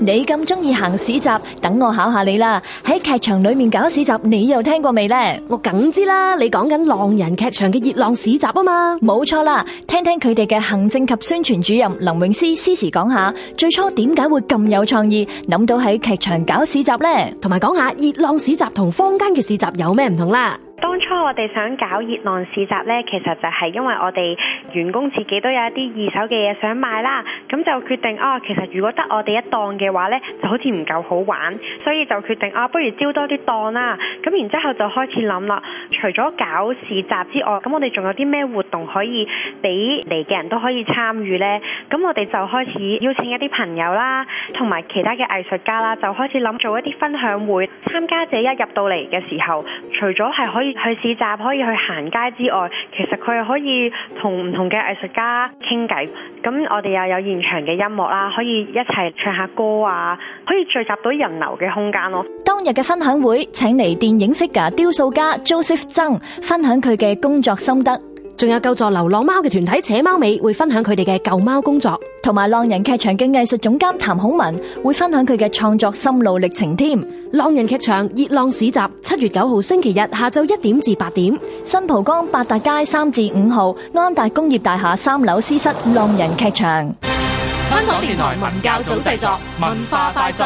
你咁中意行市集，等我考下你啦！喺劇場裏面搞市集，你又聽過未呢？我梗知啦，你講緊浪人劇場嘅熱浪市集啊嘛！冇錯啦，聽聽佢哋嘅行政及宣傳主任林詠詩 Sisi 講下，最初點解會咁有創意，諗到喺劇場搞市集呢？同埋講下熱浪市集同坊間嘅市集有咩唔同啦。當初我哋想搞熱浪市集呢，其實就係因為我哋員工自己都有一啲二手嘅嘢想賣啦，咁就決定啊，其實如果得我哋一檔嘅話呢，就好似唔夠好玩，所以就決定啊，不如招多啲檔啦。咁然之後就開始諗啦，除咗搞市集之外，咁我哋仲有啲咩活動可以俾嚟嘅人都可以參與呢？咁我哋就開始邀請一啲朋友啦，同埋其他嘅藝術家啦，就開始諗做一啲分享會，參加者一入到嚟嘅時候，除咗係可以去市集、可以去行街之外，其實佢係可以同唔同嘅藝術家傾偈。咁我哋又有現場嘅音樂啦，可以一齊唱下歌啊，可以聚集到人流嘅空間咯。當日嘅分享會請嚟電影 figure 雕塑家 Joseph 曾分享佢嘅工作心得。仲有救助流浪貓嘅團體扯貓尾會分享佢哋嘅救貓工作，同埋浪人劇場嘅藝術總監譚孔文會分享佢嘅創作心路歷程添。浪人劇場熱浪市集，七月九號星期日，下晝一點至八點，新蒲崗八達街三至五號安達工業大廈三樓私室浪人劇場。香港電台文教組製作，文化快訊。